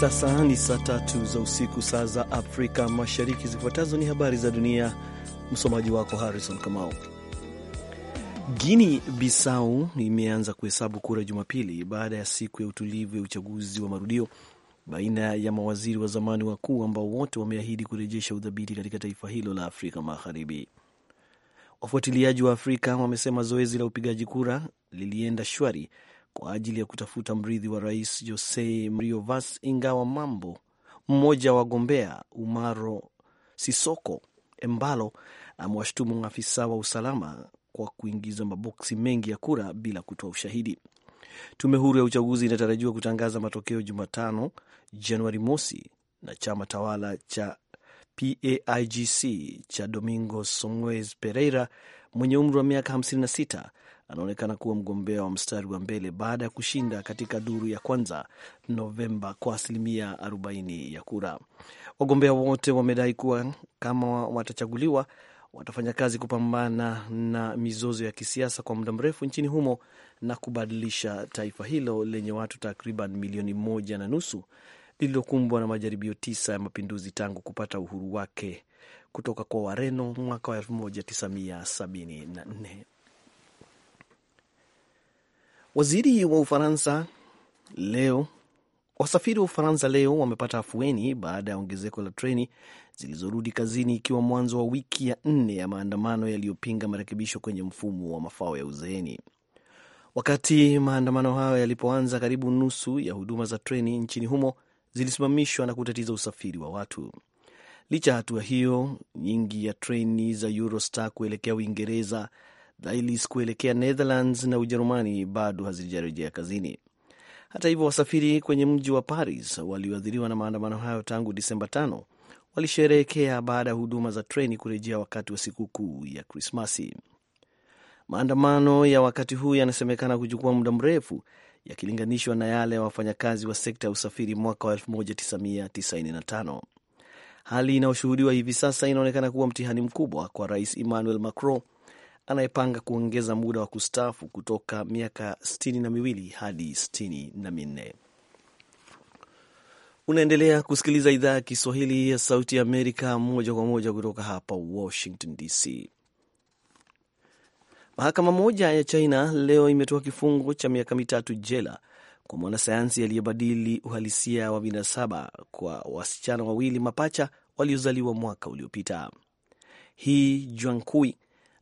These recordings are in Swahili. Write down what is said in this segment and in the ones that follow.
Sasa ni saa tatu za usiku, saa za Afrika Mashariki. Zifuatazo ni habari za dunia, msomaji wako Harrison Kamau. Guini Bisau imeanza kuhesabu kura Jumapili baada ya siku ya utulivu ya uchaguzi wa marudio baina ya mawaziri wa zamani wakuu ambao wote wameahidi kurejesha udhabiti katika taifa hilo la Afrika Magharibi. Wafuatiliaji wa Afrika wamesema zoezi la upigaji kura lilienda shwari kwa ajili ya kutafuta mrithi wa rais Jose Mario Vaz, ingawa mambo mmoja wa wagombea Umaro Sisoko Embalo amewashutumu maafisa wa usalama kwa kuingiza maboksi mengi ya kura bila kutoa ushahidi. Tume huru ya uchaguzi inatarajiwa kutangaza matokeo Jumatano, Januari mosi, na chama tawala cha PAIGC cha Domingo Somoes Pereira mwenye umri wa miaka 56 anaonekana kuwa mgombea wa mstari wa mbele baada ya kushinda katika duru ya kwanza Novemba kwa asilimia 40 ya kura. Wagombea wote wamedai kuwa kama watachaguliwa, watafanya kazi kupambana na mizozo ya kisiasa kwa muda mrefu nchini humo na kubadilisha taifa hilo lenye watu takriban milioni moja na nusu lililokumbwa na majaribio tisa ya mapinduzi tangu kupata uhuru wake kutoka kwa Wareno mwaka wa 1974. Waziri wa Ufaransa leo wasafiri wa Ufaransa leo wamepata afueni baada ya ongezeko la treni zilizorudi kazini ikiwa mwanzo wa wiki ya nne ya maandamano yaliyopinga marekebisho kwenye mfumo wa mafao ya uzeeni. Wakati maandamano hayo yalipoanza, karibu nusu ya huduma za treni nchini humo zilisimamishwa na kutatiza usafiri wa watu. Licha ya hatua hiyo, nyingi ya treni za Eurostar kuelekea Uingereza, Thalys kuelekea Netherlands na Ujerumani bado hazijarejea kazini. Hata hivyo, wasafiri kwenye mji wa Paris walioathiriwa na maandamano hayo tangu Disemba tano walisherehekea baada ya huduma za treni kurejea wakati wa sikukuu ya Krismasi. Maandamano ya wakati huu yanasemekana kuchukua muda mrefu yakilinganishwa na yale ya wafanyakazi wa sekta ya usafiri mwaka wa 1995. Hali inayoshuhudiwa hivi sasa inaonekana kuwa mtihani mkubwa kwa Rais Emmanuel Macron anayepanga kuongeza muda wa kustaafu kutoka miaka sitini na miwili hadi sitini na minne. Unaendelea kusikiliza idhaa ya Kiswahili ya Sauti ya Amerika moja kwa moja kutoka hapa Washington DC. Mahakama moja ya China leo imetoa kifungo cha miaka mitatu jela kwa mwanasayansi aliyebadili uhalisia wa vinasaba kwa wasichana wawili mapacha waliozaliwa mwaka uliopita. Hii Juankui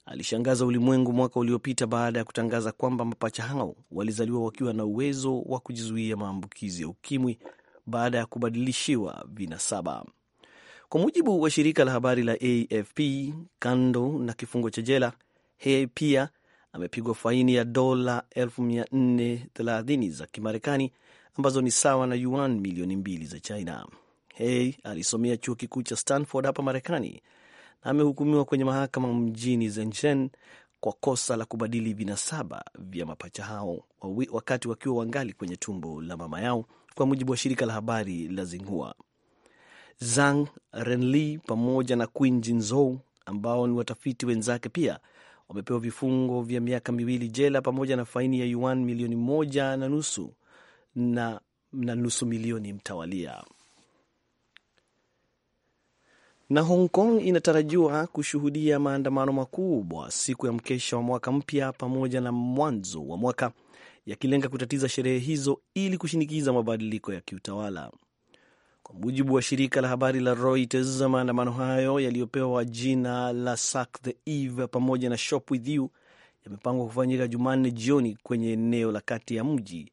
alishangaza ulimwengu mwaka uliopita baada ya kutangaza kwamba mapacha hao walizaliwa wakiwa na uwezo wa kujizuia maambukizi ya ukimwi baada ya kubadilishiwa vinasaba. Kwa mujibu wa shirika la habari la AFP, kando na kifungo cha jela, Hey pia amepigwa faini ya dola 430 za Kimarekani ambazo ni sawa na yuan milioni mbili za China. Hey alisomea chuo kikuu cha Stanford hapa Marekani na amehukumiwa kwenye mahakama mjini Zenchen kwa kosa la kubadili vinasaba vya mapacha hao wakati wakiwa wangali kwenye tumbo la mama yao, kwa mujibu wa shirika la habari la zinghua Zhang Renli pamoja na Qin Jinzhou ambao ni watafiti wenzake pia wamepewa vifungo vya miaka miwili jela pamoja na faini ya yuan milioni moja na nusu na, na nusu milioni mtawalia. Na Hong Kong inatarajiwa kushuhudia maandamano makubwa siku ya mkesha wa mwaka mpya pamoja na mwanzo wa mwaka yakilenga kutatiza sherehe hizo ili kushinikiza mabadiliko ya kiutawala. Kwa mujibu wa shirika la habari la Reuters, maandamano hayo yaliyopewa jina la Sack the Eve pamoja na Shop with You yamepangwa kufanyika Jumanne jioni kwenye eneo la kati ya mji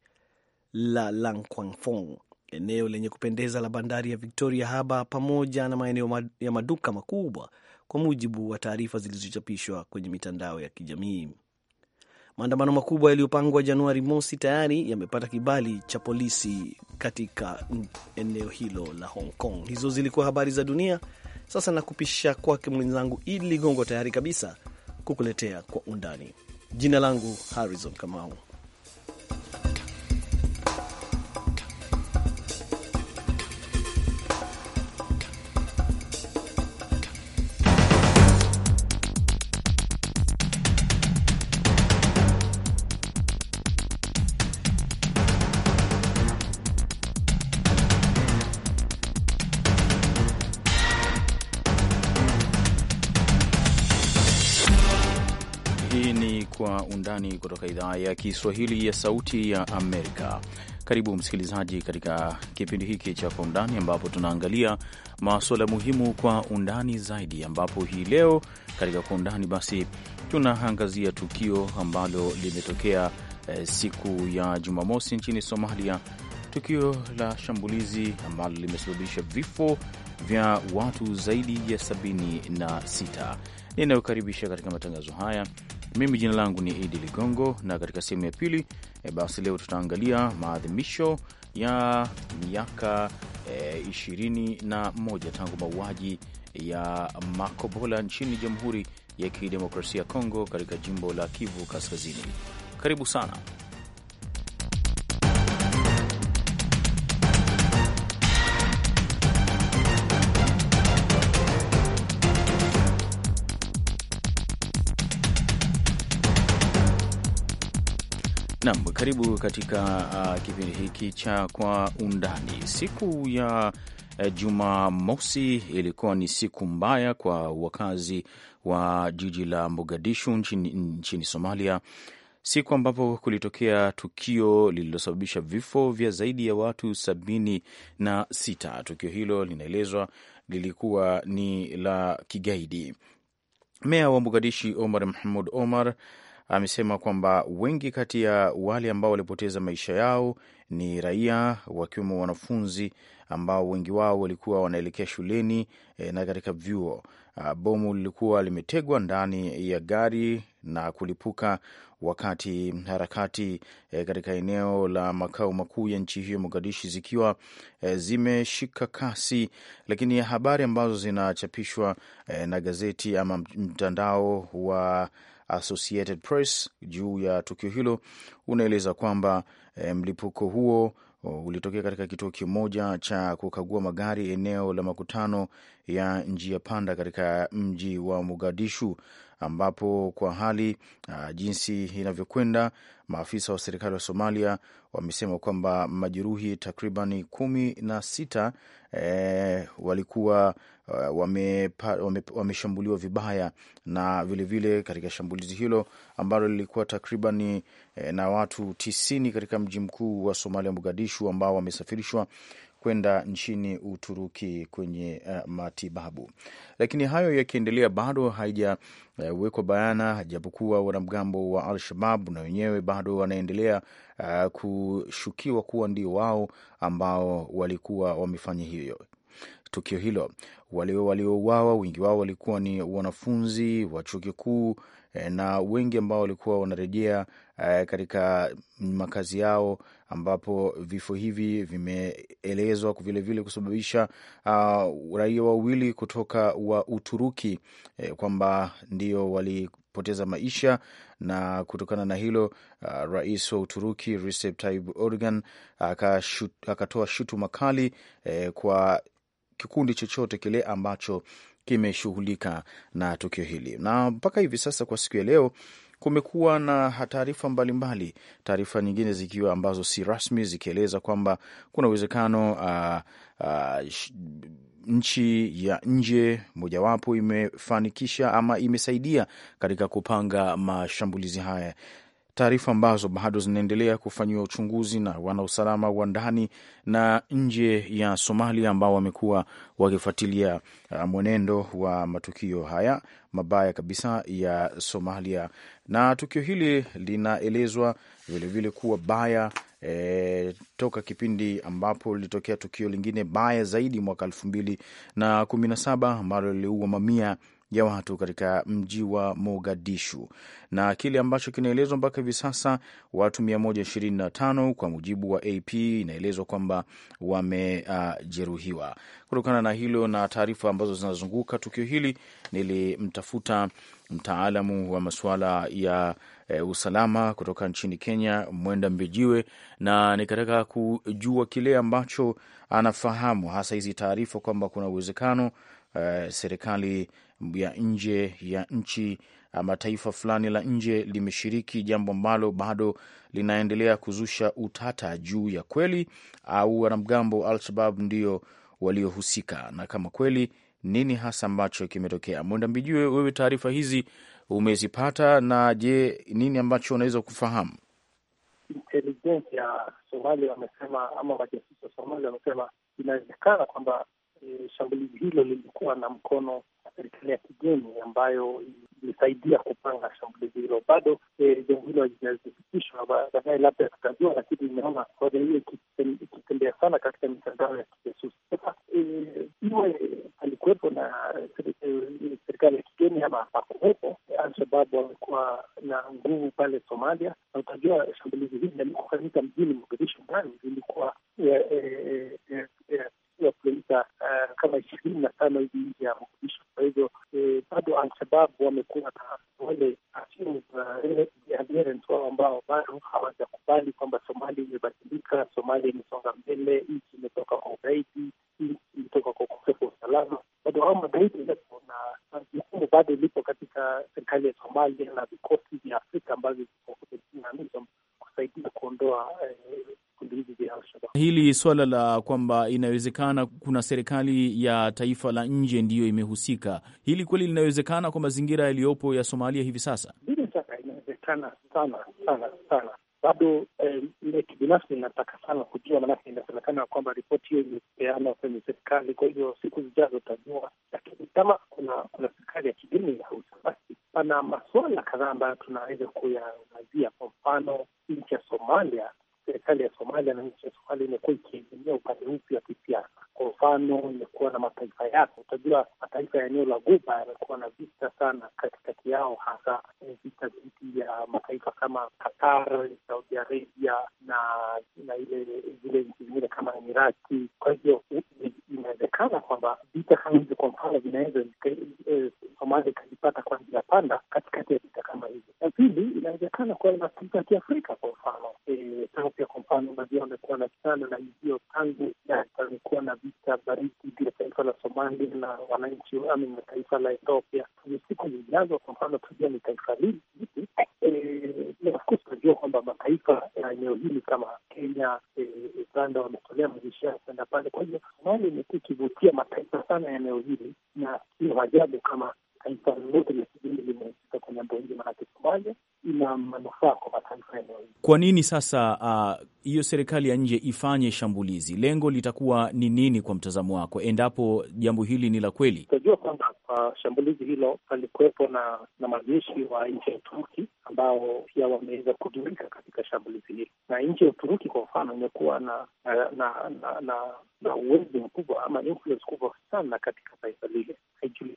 la Langkwangfong, eneo lenye kupendeza la bandari ya Victoria Harbour pamoja na maeneo ya maduka makubwa, kwa mujibu wa taarifa zilizochapishwa kwenye mitandao ya kijamii. Maandamano makubwa yaliyopangwa Januari mosi tayari yamepata kibali cha polisi katika eneo hilo la Hong Kong. Hizo zilikuwa habari za dunia. Sasa nakupisha kwake mwenzangu Idi Ligongo, tayari kabisa kukuletea kwa undani. Jina langu Harrison Kamau. ya Kiswahili ya Sauti ya Amerika. Karibu msikilizaji, katika kipindi hiki cha Kwa Undani ambapo tunaangalia masuala muhimu kwa undani zaidi, ambapo hii leo katika Kwa Undani basi tunaangazia tukio ambalo limetokea eh, siku ya Jumamosi nchini Somalia, tukio la shambulizi ambalo limesababisha vifo vya watu zaidi ya 76. Ninayokaribisha katika matangazo haya mimi jina langu ni Idi Ligongo, na katika sehemu ya pili e, basi leo tutaangalia maadhimisho ya miaka e, ishirini na moja tangu mauaji ya Makobola nchini Jamhuri ya Kidemokrasia ya Kongo katika jimbo la Kivu Kaskazini. Karibu sana. Nam, karibu katika uh, kipindi hiki cha Kwa Undani. Siku ya uh, Jumamosi ilikuwa ni siku mbaya kwa wakazi wa jiji la Mogadishu nchini, nchini Somalia, siku ambapo kulitokea tukio lililosababisha vifo vya zaidi ya watu sabini na sita. Tukio hilo linaelezwa lilikuwa ni la kigaidi. Meya wa Mogadishi Omar Mahmud Omar amesema kwamba wengi kati ya wale ambao walipoteza maisha yao ni raia wakiwemo wanafunzi ambao wengi wao walikuwa wanaelekea shuleni e, na katika vyuo. Ah, bomu lilikuwa limetegwa ndani ya gari na kulipuka wakati harakati e, katika eneo la makao makuu ya nchi hiyo Mogadishi zikiwa e, zimeshika kasi, lakini habari ambazo zinachapishwa e, na gazeti ama mtandao wa Associated Press juu ya tukio hilo unaeleza kwamba e, mlipuko huo oh, ulitokea katika kituo kimoja cha kukagua magari eneo la makutano ya njia panda katika mji wa Mogadishu ambapo kwa hali uh, jinsi inavyokwenda, maafisa wa serikali wa Somalia wamesema kwamba majeruhi takriban kumi na sita eh, walikuwa ah, wameshambuliwa wame, wame vibaya na vilevile vile katika shambulizi hilo ambalo lilikuwa takriban eh, na watu tisini katika mji mkuu wa Somalia Mogadishu, ambao wamesafirishwa kwenda nchini Uturuki kwenye uh, matibabu. Lakini hayo yakiendelea, bado haijawekwa eh, uh, bayana, japokuwa wanamgambo wa Al-Shabab na wenyewe bado wanaendelea uh, kushukiwa kuwa ndio wao ambao walikuwa wamefanya hiyo tukio hilo. Walio waliouawa wengi wao walikuwa ni wanafunzi wa chuo kikuu na wengi ambao walikuwa wanarejea katika makazi yao ambapo vifo hivi vimeelezwa vilevile kusababisha uh, raia wawili kutoka wa Uturuki eh, kwamba ndio wali poteza maisha na kutokana na hilo uh, rais wa Uturuki Recep Tayyip Erdogan akatoa shutuma kali eh, kwa kikundi chochote kile ambacho kimeshughulika na tukio hili, na mpaka hivi sasa kwa siku ya leo kumekuwa na taarifa mbalimbali, taarifa nyingine zikiwa ambazo si rasmi zikieleza kwamba kuna uwezekano uh, uh, nchi ya nje mojawapo imefanikisha ama imesaidia katika kupanga mashambulizi haya taarifa ambazo bado zinaendelea kufanyiwa uchunguzi na wanausalama wa ndani na nje ya Somalia ambao wamekuwa wakifuatilia uh, mwenendo wa matukio haya mabaya kabisa ya Somalia, na tukio hili linaelezwa vilevile kuwa baya E, toka kipindi ambapo lilitokea tukio lingine baya zaidi mwaka elfu mbili na kumi na saba ambalo liliua mamia ya watu katika mji wa Mogadishu, na kile ambacho kinaelezwa mpaka hivi sasa watu 125 kwa mujibu wa AP inaelezwa kwamba wamejeruhiwa. Uh, kutokana na hilo na taarifa ambazo zinazunguka tukio hili, nilimtafuta mtaalamu wa masuala ya e, usalama kutoka nchini Kenya, Mwenda Mbejiwe, na nikataka kujua kile ambacho anafahamu hasa hizi taarifa kwamba kuna uwezekano e, serikali ya nje ya nchi ama taifa fulani la nje limeshiriki, jambo ambalo bado linaendelea kuzusha utata juu ya kweli au wanamgambo wa Al-Shabab ndio waliohusika, na kama kweli nini hasa ambacho kimetokea. Mwenda Mbijue, wewe taarifa hizi umezipata, na je, nini ambacho unaweza kufahamu? Intelijensi ya Somalia wamesema ama majasusi wa Somalia wamesema inawezekana kwamba e, shambulizi hilo lilikuwa na mkono serikali ya kigeni ambayo ilisaidia kupanga shambulizi hilo. Bado eh, jambo hilo halijadhibitishwa, baadaye labda tutajua, lakini imeona hoja hiyo ikitembea sana katika mitandao ya kijasusi. Sasa eh, iwe alikuwepo na serikali ya kigeni ama hakuwepo, alshababu wamekuwa na nguvu pale Somalia, na utajua shambulizi hili alikofanyika mjini Mogadishu ndani ilikuwa eh, kilomita kama ishirini na tano hivi nje ya Mogadishu hivyo e, bado alshababu shabab wamekuwa wale wao ambao bado hawajakubali kwamba somali imebadilika, Somalia imesonga mbele, nchi imetoka kwa ugaidi, nchi imetoka kwa ukosefu wa usalama. Bado hao magaidi na jukumu bado lipo katika serikali ya Somalia na vikosi vya Afrika ambavyo Hili swala la kwamba inawezekana kuna serikali ya taifa la nje ndiyo imehusika, hili kweli linawezekana kwa mazingira yaliyopo ya Somalia hivi sasa? Bila shaka inawezekana sana sana sana. Bado ile eh, kibinafsi inataka sana kujua, maanake inasemekana kwamba ripoti hiyo imepeanwa kwenye serikali, kwa hivyo siku zijazo utajua. Lakini kama kuna kuna serikali ya kigeni inahusa, basi pana masuala kadhaa ambayo tunaweza kuyaangazia. Kwa mfano nchi ya Somalia serikali ya Somalia na nchi ya Somalia imekuwa ikiegemea upande upi wa kisiasa. Kwa mfano, imekuwa na mataifa yake, utajua mataifa ya eneo la Guba yamekuwa na vita sana katikati yao, hasa eh, vita dhidi ya mataifa kama Qatar, Saudi Arabia na na ile zile nchi zingine kama Emirati. Kwa hivyo inawezekana kwamba vita kama hivi, kwa mfano, vinaweza eh, Somalia kuzipata kwa njia panda katikati ya vita kama hivi. Na pili, inawezekana kuwa na ya Kiafrika kwa mfano e, Ethiopia kwa mfano, baadhi yao wamekuwa na sana na hivyo tangu amekuwa na vita baridi dhidi ya taifa la Somali na wananchi ami na taifa la Ethiopia. Kwenye siku zijazo, kwa mfano, tujua ni taifa lili vipi e, tunajua kwamba mataifa ya eneo hili kama Kenya, e, Uganda wametolea majeshi yao kwenda pale. Kwa hiyo Somalia imekuwa ikivutia mataifa sana ya eneo hili, na sio ajabu kama taifa lolote la kigeni limehusika kwa jambo hili, maanake Somalia ina manufaa kwa mataifa eneo hili. Kwa nini sasa uh, hiyo uh, serikali ya nje ifanye shambulizi? Lengo litakuwa ni nini kwa mtazamo wako, endapo jambo hili ni la kweli? Tutajua kwamba kwa shambulizi hilo palikuwepo na na majeshi wa nchi ya Uturuki ambao pia wameweza kujurika katika shambulizi hilo, na nchi ya Uturuki kwa mfano imekuwa na na na, na, na, na uwezo mkubwa ama influence kubwa sana katika taifa lile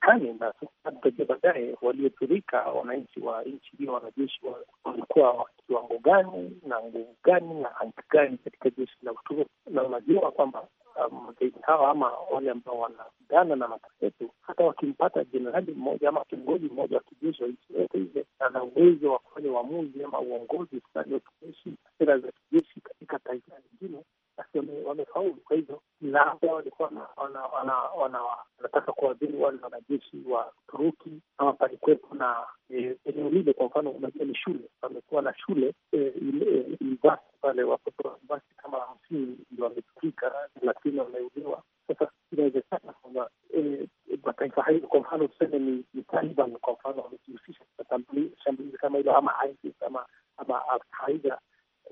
Marekani na sasa tutajua baadaye walioturika wananchi wa nchi hiyo, wanajeshi walikuwa wa kiwango gani na nguvu gani na anki gani katika jeshi la Uturuki, na unajua kwamba magaidi um, hawa ama wale ambao wanapigana na mataifa hata wakimpata jenerali mmoja ama kiongozi mmoja wa kijeshi wa nchi yote ile, ana uwezo wa kufanya uamuzi ama uongozi fulani wa kijeshi, sera za kijeshi katika taifa lingine, basi wamefaulu. Kwa hivyo labda walikuwa wanataka kuwadhiri wale wanajeshi wa Uturuki ama palikuwepo na e, eneo lile. Kwa mfano, unajua ni shule, pamekuwa na shule e, e, university pale, watoto wa university kama hamsini ndio wamefikika, thelathini wameuliwa. Sasa inawezekana kwamba mataifa hayo, kwa mfano tuseme ni, Taliban kwa mfano wamejihusisha shambulizi kama hilo ama ISIS ama ama Alqaida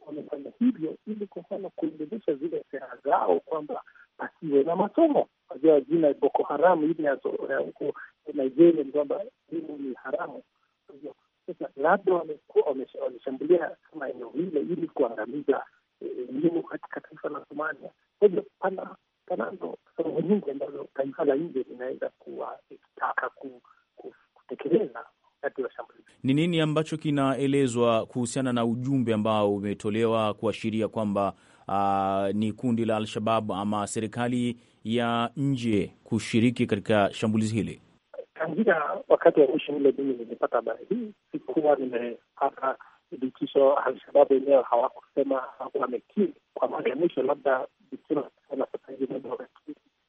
wamefanya hivyo ili kwa mfano kuendelesha zile sera zao kwamba pasiwe na masomo kwa jina Boko Haram ile ya huko Nigeria ni kwamba elimu ni haramu. Sasa labda wameshambulia kama eneo hile ili kuangamiza e, elimu katika taifa la Somalia. Kwa hivyo pana panando sababu nyingi ambazo taifa la nje linaweza kuwa ikitaka e, kutekeleza Ni nini ambacho kinaelezwa kuhusiana na ujumbe ambao umetolewa kuashiria kwamba Uh, ni kundi la Al-Shabab ama serikali ya nje kushiriki katika shambulizi hili? Tangia wakati wa mwisho ule mimi nilipata habari hii, sikuwa nimepata dhibitisho. Alshababu wenyewe hawakusema, wamekiri kwa mara ya mwisho, labda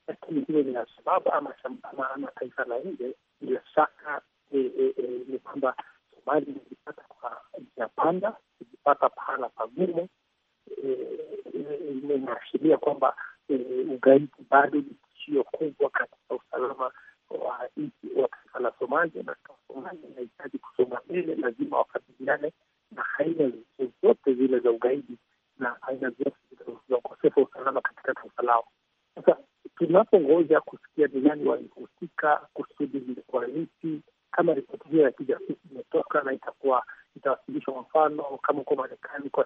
lakini hiyo ni Alshababu ama taifa la nje. Bila shaka e, e, e, ni kwamba Somali kwa njia panda, pahala pagumu, inaashiria kwamba ugaidi bado ni tishio kubwa katika usalama wa nchi wa taifa la Somalia, na Somalia inahitaji kusonga mbele, lazima wakabiliane na aina zote zile za ugaidi na aina zote za ukosefu wa usalama katika taifa lao. Sasa tunapongoja kusikia ni nani walihusika, kusudi lilikuwa lipi, kama ripoti hiyo ya kijasusi imetoka na itakuwa itawasilishwa, mfano kama uko Marekani kwa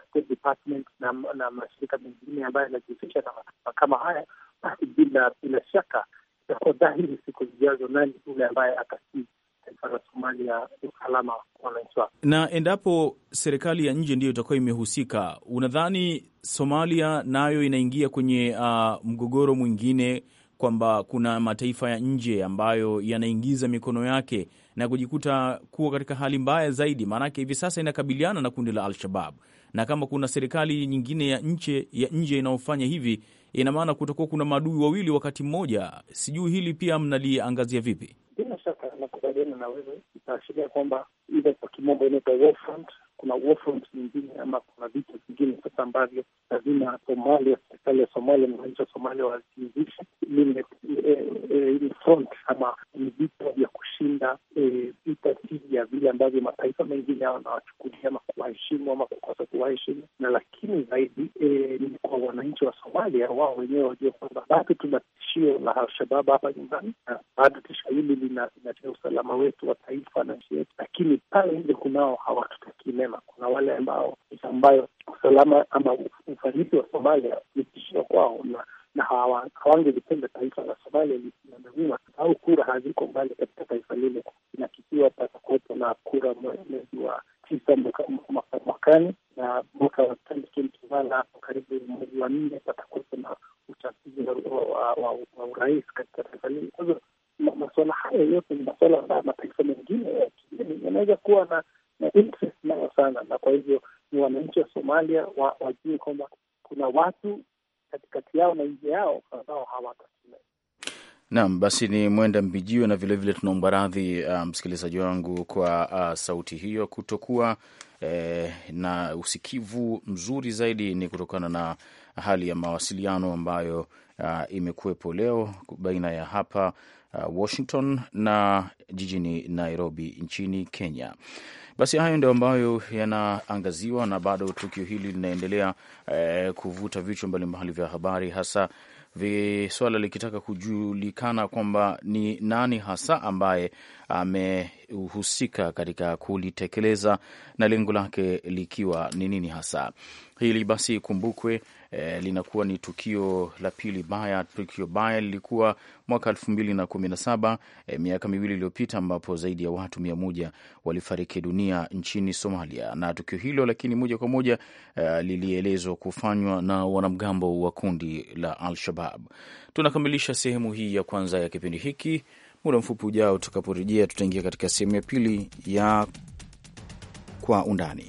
department na, na mashirika mengine ambayo yanajihusisha na mataifa kama haya, basi bila bila shaka itakuwa dhahiri siku zijazo nani yule ambaye akasii taifa la Somalia usalama kwa wananchi wake. Na endapo serikali ya nje ndiyo itakuwa imehusika, unadhani Somalia nayo inaingia kwenye uh, mgogoro mwingine kwamba kuna mataifa ya nje ambayo yanaingiza mikono yake na kujikuta kuwa katika hali mbaya zaidi, maanake hivi sasa inakabiliana na kundi la Al-Shabab, na kama kuna serikali nyingine ya nje ya nje inayofanya hivi, ina maana kutakuwa kuna maadui wawili wakati mmoja. Sijui hili pia mnaliangazia vipi? Bila shaka nakubaliana na wewe, itaashiria kwamba ile kwa kimombo inaitwa kuna nyingine ama kuna vitu vingine sasa ambavyo lazima Somalia, serikali ya Somalia na wananchi wa Somalia waziirishe ile eh, eh, front ama ni vita vya kushinda eh, vita hivi ya vile ambavyo mataifa mengine wanawachukulia ama kuwaheshimu ama kukosa kuwaheshimu, na lakini zaidi ni kwa wananchi wa Somalia wao wenyewe wajua kwamba bado tuna tishio la Alshabab hapa nyumbani na bado tishio hili linatia usalama wetu wa taifa na nchi yetu, lakini pale nje kunao hawatu si mema. Kuna wale ambao ambayo usalama ama ufanisi wa Somalia ni tishio kwao na na hawangelipenda taifa la Somalia likiandamiwa au kura haziko mbali katika taifa lile, na patakuwepo na kura mwezi wa tisa mwakani na mwaka wa hapo karibu mwezi wa nne patakuwepo na uchaguzi wa urais katika taifa lile. Kwa hivyo masuala haya yote ni masuala ambayo mataifa mengine ya kigeni yanaweza kuwa na sana, na kwa hivyo ni wananchi wa Somalia wa, wajue kwamba kuna watu katikati yao na nje yao ambao hawata Naam, basi ni mwenda mbijio, na vilevile tunaomba radhi uh, msikilizaji wangu kwa uh, sauti hiyo kutokuwa eh, na usikivu mzuri zaidi. Ni kutokana na hali ya mawasiliano ambayo uh, imekuwepo leo baina ya hapa uh, Washington na jijini Nairobi nchini Kenya. Basi hayo ndio ambayo yanaangaziwa, na bado tukio hili linaendelea eh, kuvuta vichwa mbalimbali vya habari, hasa vi likitaka kujulikana kwamba ni nani hasa ambaye ame husika katika kulitekeleza na lengo lake likiwa ni nini hasa. Hili basi kumbukwe e, linakuwa ni tukio la pili baya. Tukio baya lilikuwa mwaka elfu mbili na kumi na saba e, miaka miwili iliyopita, ambapo zaidi ya watu mia moja walifariki dunia nchini Somalia na tukio hilo, lakini moja kwa moja e, lilielezwa kufanywa na wanamgambo wa kundi la Al Shabab. Tunakamilisha sehemu hii ya kwanza ya kipindi hiki. Muda mfupi ujao tutakaporejea, tutaingia katika sehemu ya pili ya kwa undani.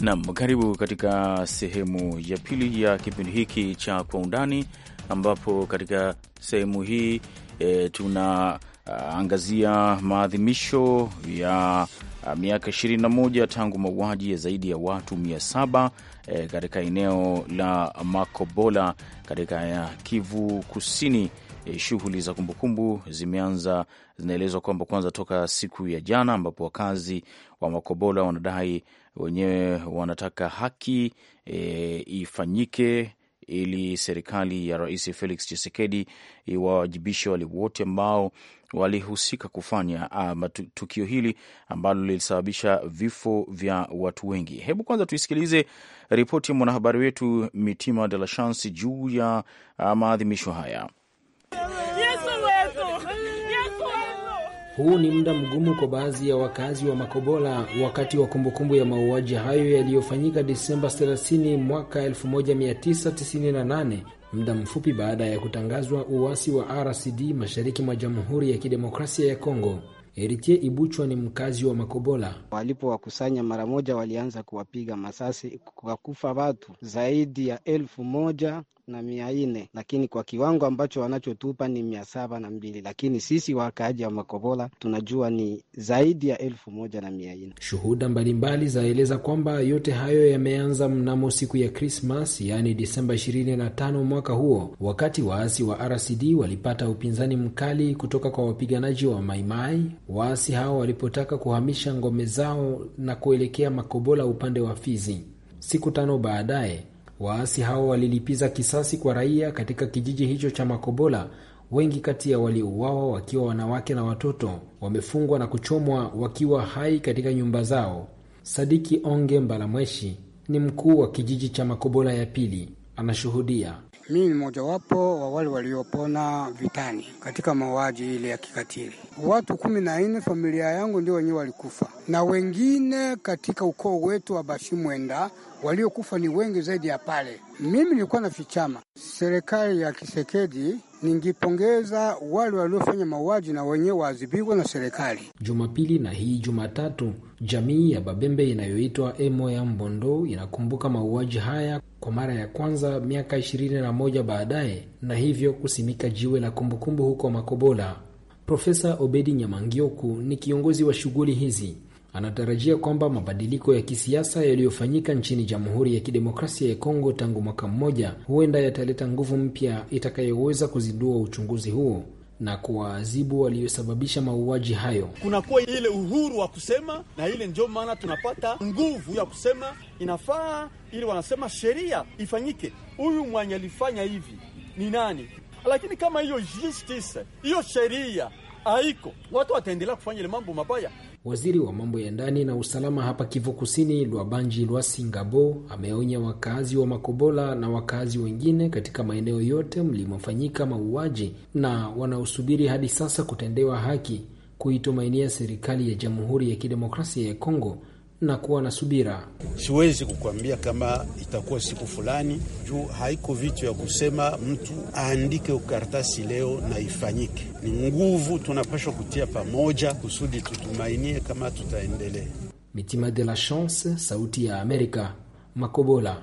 Nam, karibu katika sehemu ya pili ya kipindi hiki cha kwa undani ambapo katika sehemu hii e, tunaangazia maadhimisho ya ah, miaka 21 tangu mauaji ya zaidi ya watu 700 e, eh, katika eneo la Makobola katika ya Kivu Kusini. E, shughuli za kumbukumbu zimeanza, zinaelezwa kwamba kwanza toka siku ya jana, ambapo wakazi wa Makobola wanadai wenyewe wanataka haki e, ifanyike ili serikali ya Rais Felix Tshisekedi iwawajibishe wale wote ambao walihusika kufanya ama ah, tukio hili ambalo lilisababisha vifo vya watu wengi. Hebu kwanza tuisikilize ripoti ya mwanahabari wetu Mitima De La Chance juu ya ah, maadhimisho haya. Huu ni muda mgumu kwa baadhi ya wakazi wa Makobola wakati wa kumbukumbu ya mauaji hayo yaliyofanyika Disemba 30 mwaka 1998, muda mfupi baada ya kutangazwa uasi wa RCD mashariki mwa Jamhuri ya Kidemokrasia ya Kongo. Eritie Ibuchwa ni mkazi wa Makobola. Walipowakusanya mara moja, walianza kuwapiga masasi, kuwakufa watu zaidi ya elfu moja na mia nne, lakini kwa kiwango ambacho wanachotupa ni mia saba na mbili, lakini sisi wakaaji wa Makobola tunajua ni zaidi ya elfu moja na mia nne. Shuhuda mbalimbali zaeleza kwamba yote hayo yameanza mnamo siku ya Krismas, yaani Disemba 25 mwaka huo, wakati waasi wa RCD walipata upinzani mkali kutoka kwa wapiganaji wa Maimai Waasi hao walipotaka kuhamisha ngome zao na kuelekea Makobola upande wa Fizi. Siku tano baadaye, waasi hao walilipiza kisasi kwa raia katika kijiji hicho cha Makobola. Wengi kati ya waliouawa wakiwa wanawake na watoto, wamefungwa na kuchomwa wakiwa hai katika nyumba zao. Sadiki Onge Mbalamweshi ni mkuu wa kijiji cha Makobola ya pili, anashuhudia mimi ni mmojawapo wa wale waliopona vitani katika mauaji ile ya kikatili. Watu kumi na nne familia yangu ndio wenyewe walikufa, na wengine katika ukoo wetu wa Bashimwenda waliokufa ni wengi zaidi ya pale. Mimi nilikuwa na fichama serikali ya Kisekedi, ningipongeza wale waliofanya mauaji na wenyewe waadhibiwe na serikali. Jumapili na hii Jumatatu, jamii ya Babembe inayoitwa Emo ya Mbondo inakumbuka mauaji haya kwa mara ya kwanza miaka ishirini na moja baadaye na hivyo kusimika jiwe la kumbukumbu huko Makobola. Profesa Obedi Nyamangioku ni kiongozi wa shughuli hizi anatarajia kwamba mabadiliko ya kisiasa yaliyofanyika nchini Jamhuri ya Kidemokrasia ya Kongo tangu mwaka mmoja huenda yataleta nguvu mpya itakayoweza kuzindua uchunguzi huo na kuwaadhibu waliosababisha mauaji hayo. Kunakuwa ile uhuru wa kusema, na ile ndio maana tunapata nguvu ya kusema inafaa, ili wanasema sheria ifanyike, huyu mwenye alifanya hivi ni nani. Lakini kama hiyo justice, hiyo sheria haiko, watu wataendelea kufanya ile mambo mabaya. Waziri wa mambo ya ndani na usalama hapa Kivu Kusini, Lwabanji Singabo, ameonya wakazi wa Makobola na wakazi wengine katika maeneo yote mlimofanyika mauaji na wanaosubiri hadi sasa kutendewa haki kuitumainia serikali ya Jamhuri ya Kidemokrasia ya Kongo na kuwa na subira. Siwezi kukwambia kama itakuwa siku fulani, juu haiko vitu ya kusema mtu aandike ukaratasi leo na ifanyike. Ni nguvu tunapashwa kutia pamoja kusudi tutumainie kama tutaendelea. Mitima de la Chance, Sauti ya Amerika, Makobola.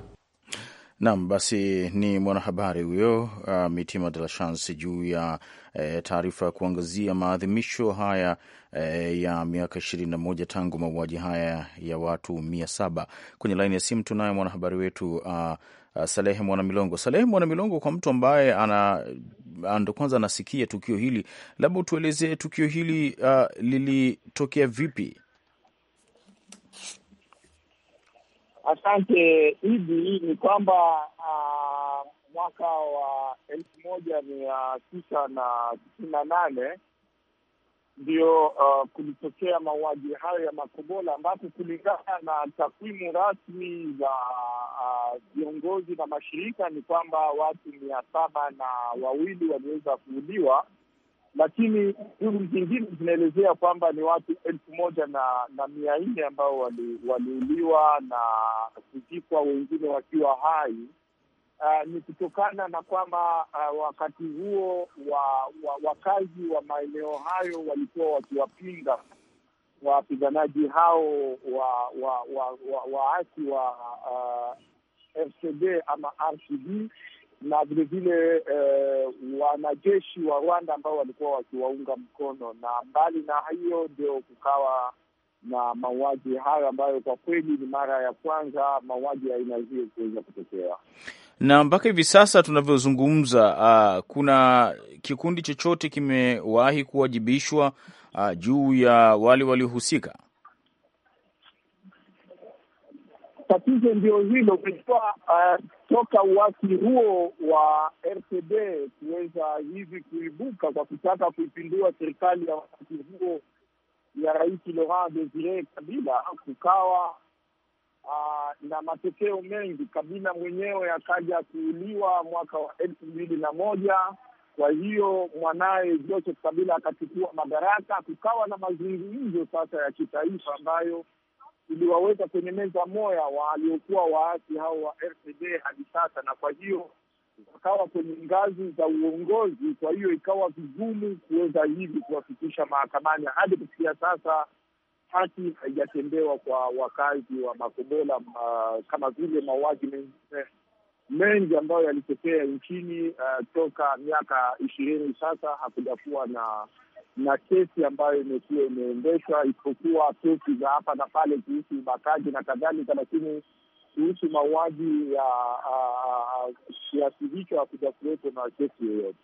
Nam, basi ni mwanahabari huyo uh, Mitima de la Chance juu ya eh, taarifa ya kuangazia maadhimisho haya eh, ya miaka ishirini na moja tangu mauaji haya ya watu mia saba. Kwenye laini ya simu tunaye mwanahabari wetu uh, uh, Salehe Mwanamilongo. Salehe Mwanamilongo, kwa mtu ambaye ana uh, ndo kwanza anasikia tukio hili, labda utuelezee tukio hili uh, lilitokea vipi? Asante hivi Ni kwamba uh, mwaka wa elfu moja mia tisa na tisini na nane ndio uh, kulitokea mauaji hayo ya Makobola, ambapo kulingana na takwimu rasmi za ah, viongozi uh, na mashirika ni kwamba watu mia saba na wawili waliweza kuuliwa lakini duru zingine zinaelezea kwamba ni watu elfu moja na, na mia nne ambao waliuliwa wali na kuzikwa, wengine wakiwa hai. Uh, ni kutokana na kwamba uh, wakati huo wa, wa, wakazi wa maeneo hayo walikuwa wakiwapinga wapiganaji hao waasi wa, wa, wa, wa, wa, wa, wa uh, FCD ama RCD na vilevile eh, wanajeshi wa Rwanda ambao walikuwa wakiwaunga mkono, na mbali na hiyo ndio kukawa na mauaji hayo ambayo kwa kweli ni mara ya kwanza mauaji ya aina hiyo kuweza kutokea. Na mpaka hivi sasa tunavyozungumza, uh, kuna kikundi chochote kimewahi kuwajibishwa uh, juu ya wale waliohusika? Tatizo ndio hilo ilikuwa uh, toka uasi huo wa RCD kuweza hivi kuibuka kwa kutaka kuipindua serikali ya wakati huo ya Rais Laurent Desire Kabila, kukawa uh, na matokeo mengi. Kabila mwenyewe akaja kuuliwa mwaka wa elfu mbili na moja. Kwa hiyo mwanaye Joseph Kabila akachukua madaraka, kukawa na mazungumzo sasa ya kitaifa ambayo iliwaweka kwenye meza moya waliokuwa waasi hao wa RCD hadi sasa, na kwa hiyo wakawa kwenye ngazi za uongozi. Kwa hiyo ikawa vigumu kuweza hivi kuwafikisha mahakamani. Hadi kufikia sasa haki haijatendewa kwa wakazi wa Makobola, uh, kama vile mauaji mengine eh, mengi ambayo yalitokea nchini uh, toka miaka ishirini sasa hakujakuwa na na kesi ambayo imekuwa imeendeshwa, isipokuwa kesi za hapa na pale kuhusu ubakaji na kadhalika, lakini kuhusu mauaji ya kiasi hicho hakuja kuwepo na kesi yoyote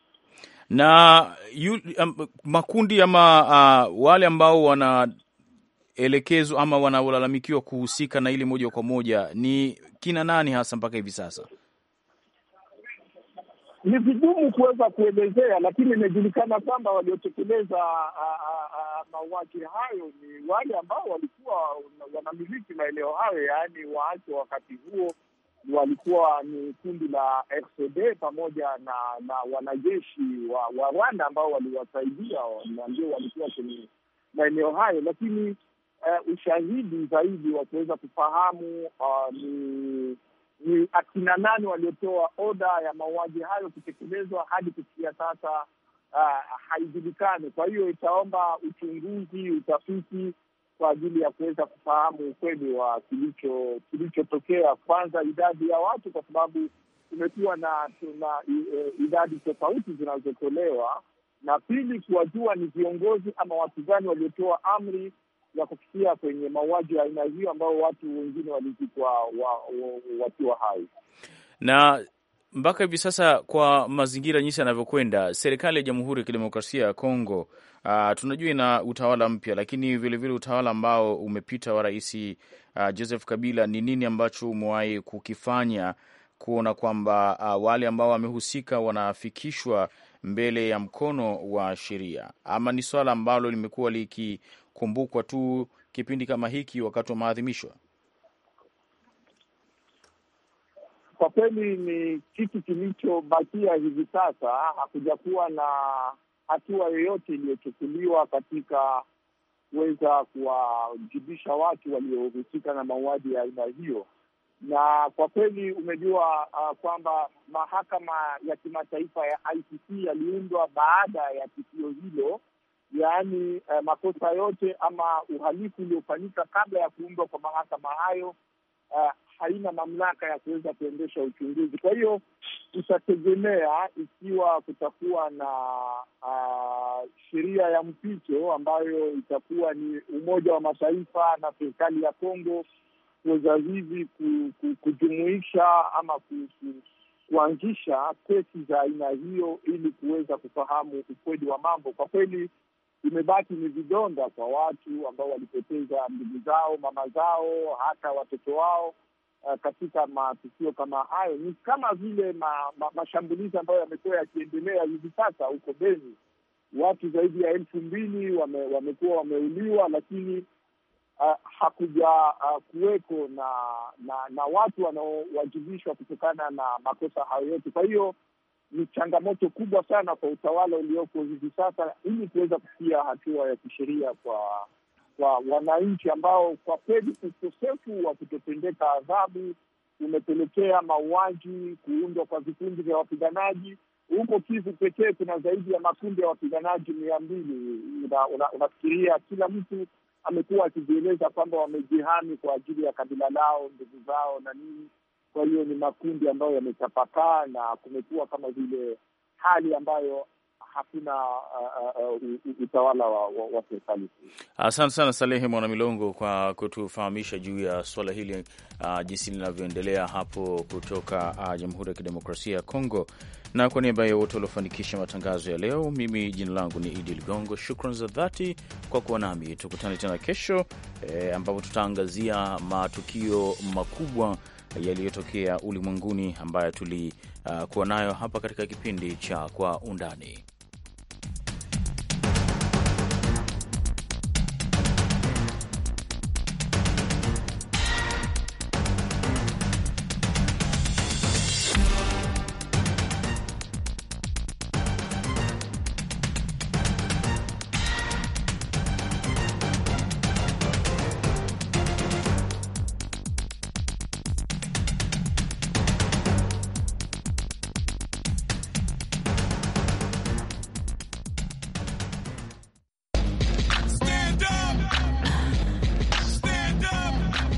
na yu, um, makundi ama uh, wale ambao wanaelekezwa ama wanaolalamikiwa kuhusika na ile moja kwa moja ni kina nani hasa mpaka hivi sasa? ni vigumu kuweza kuelezea, lakini imejulikana kwamba waliotekeleza mauaji hayo ni wale ambao walikuwa wanamiliki maeneo hayo, yaani waasi wa wakati huo walikuwa ni kundi la RCD pamoja na na wanajeshi wa, wa Rwanda ambao waliwasaidia na ndio walikuwa kwenye maeneo hayo, lakini uh, ushahidi zaidi wa kuweza kufahamu uh, ni ni akina nani waliotoa oda ya mauaji hayo kutekelezwa hadi kufikia sasa uh, haijulikani. Kwa hiyo itaomba uchunguzi, utafiti kwa ajili ya kuweza kufahamu ukweli wa kilichotokea, kwanza idadi ya watu, kwa sababu kumekuwa na tuna e, idadi tofauti zinazotolewa, na pili kuwajua ni viongozi ama gani waliotoa amri ya kufikia kwenye mauaji ya aina hiyo ambao watu wengine walizikwa wakiwa hai. Na mpaka hivi sasa, kwa mazingira jinsi yanavyokwenda, serikali ya Jamhuri ya Kidemokrasia ya Kongo uh, tunajua ina utawala mpya, lakini vilevile vile utawala ambao umepita wa Rais uh, Joseph Kabila, ni nini ambacho umewahi kukifanya kuona kwamba uh, wale ambao wamehusika wanafikishwa mbele ya mkono wa sheria, ama ni swala ambalo limekuwa liki kukumbukwa tu kipindi kama hiki wakati wa maadhimisho? Kwa kweli ni kitu kilichobakia hivi sasa. Hakujakuwa na hatua yoyote iliyochukuliwa katika kuweza kuwajibisha watu waliohusika na mauaji ya aina hiyo, na kwa kweli umejua uh, kwamba mahakama ya kimataifa ya ICC yaliundwa baada ya tukio hilo yaani eh, makosa yote ama uhalifu uliofanyika kabla ya kuundwa kwa mahakama hayo eh, haina mamlaka ya kuweza kuendesha uchunguzi. Kwa hiyo itategemea ikiwa kutakuwa na uh, sheria ya mpito ambayo itakuwa ni Umoja wa Mataifa na serikali ya Kongo kuweza hivi kujumuisha ama kuanzisha kesi za aina hiyo ili kuweza kufahamu ukweli wa mambo. Kwa kweli imebaki ni vidonda kwa watu ambao walipoteza ndugu zao, mama zao, hata watoto wao uh, katika matukio kama hayo. Ni kama vile ma, ma, mashambulizi ambayo yamekuwa yakiendelea hivi sasa huko Beni. Watu zaidi ya elfu mbili wame, wamekuwa wameuliwa, lakini uh, hakuja uh, kuweko na, na na watu wanaowajibishwa kutokana na makosa hayo yote. Kwa hiyo ni changamoto kubwa sana kwa utawala ulioko hivi sasa, ili kuweza kufikia hatua ya kisheria kwa kwa wananchi ambao kwa kweli ukosefu wa kutotendeka adhabu umepelekea mauaji, kuundwa kwa vikundi vya wapiganaji. Huko Kivu pekee kuna zaidi ya makundi ya wapiganaji mia mbili. Unafikiria, kila mtu amekuwa akijieleza kwamba wamejihami kwa ajili ya kabila lao, ndugu zao na nini kwa hiyo ni makundi ambayo yametapakaa na kumekuwa kama vile hali ambayo hakuna uh, uh, uh utawala wa, wa, wa serikali. Asante sana Salehe Mwanamilongo kwa kutufahamisha juu ya suala hili uh, jinsi linavyoendelea hapo kutoka uh, Jamhuri ya Kidemokrasia ya Kongo. Na kwa niaba ya wote waliofanikisha matangazo ya leo, mimi jina langu ni Idi Ligongo. Shukran za dhati kwa kuwa nami, tukutane tena kesho eh, ambapo tutaangazia matukio makubwa yaliyotokea ulimwenguni ambayo tulikuwa uh, nayo hapa katika kipindi cha Kwa Undani.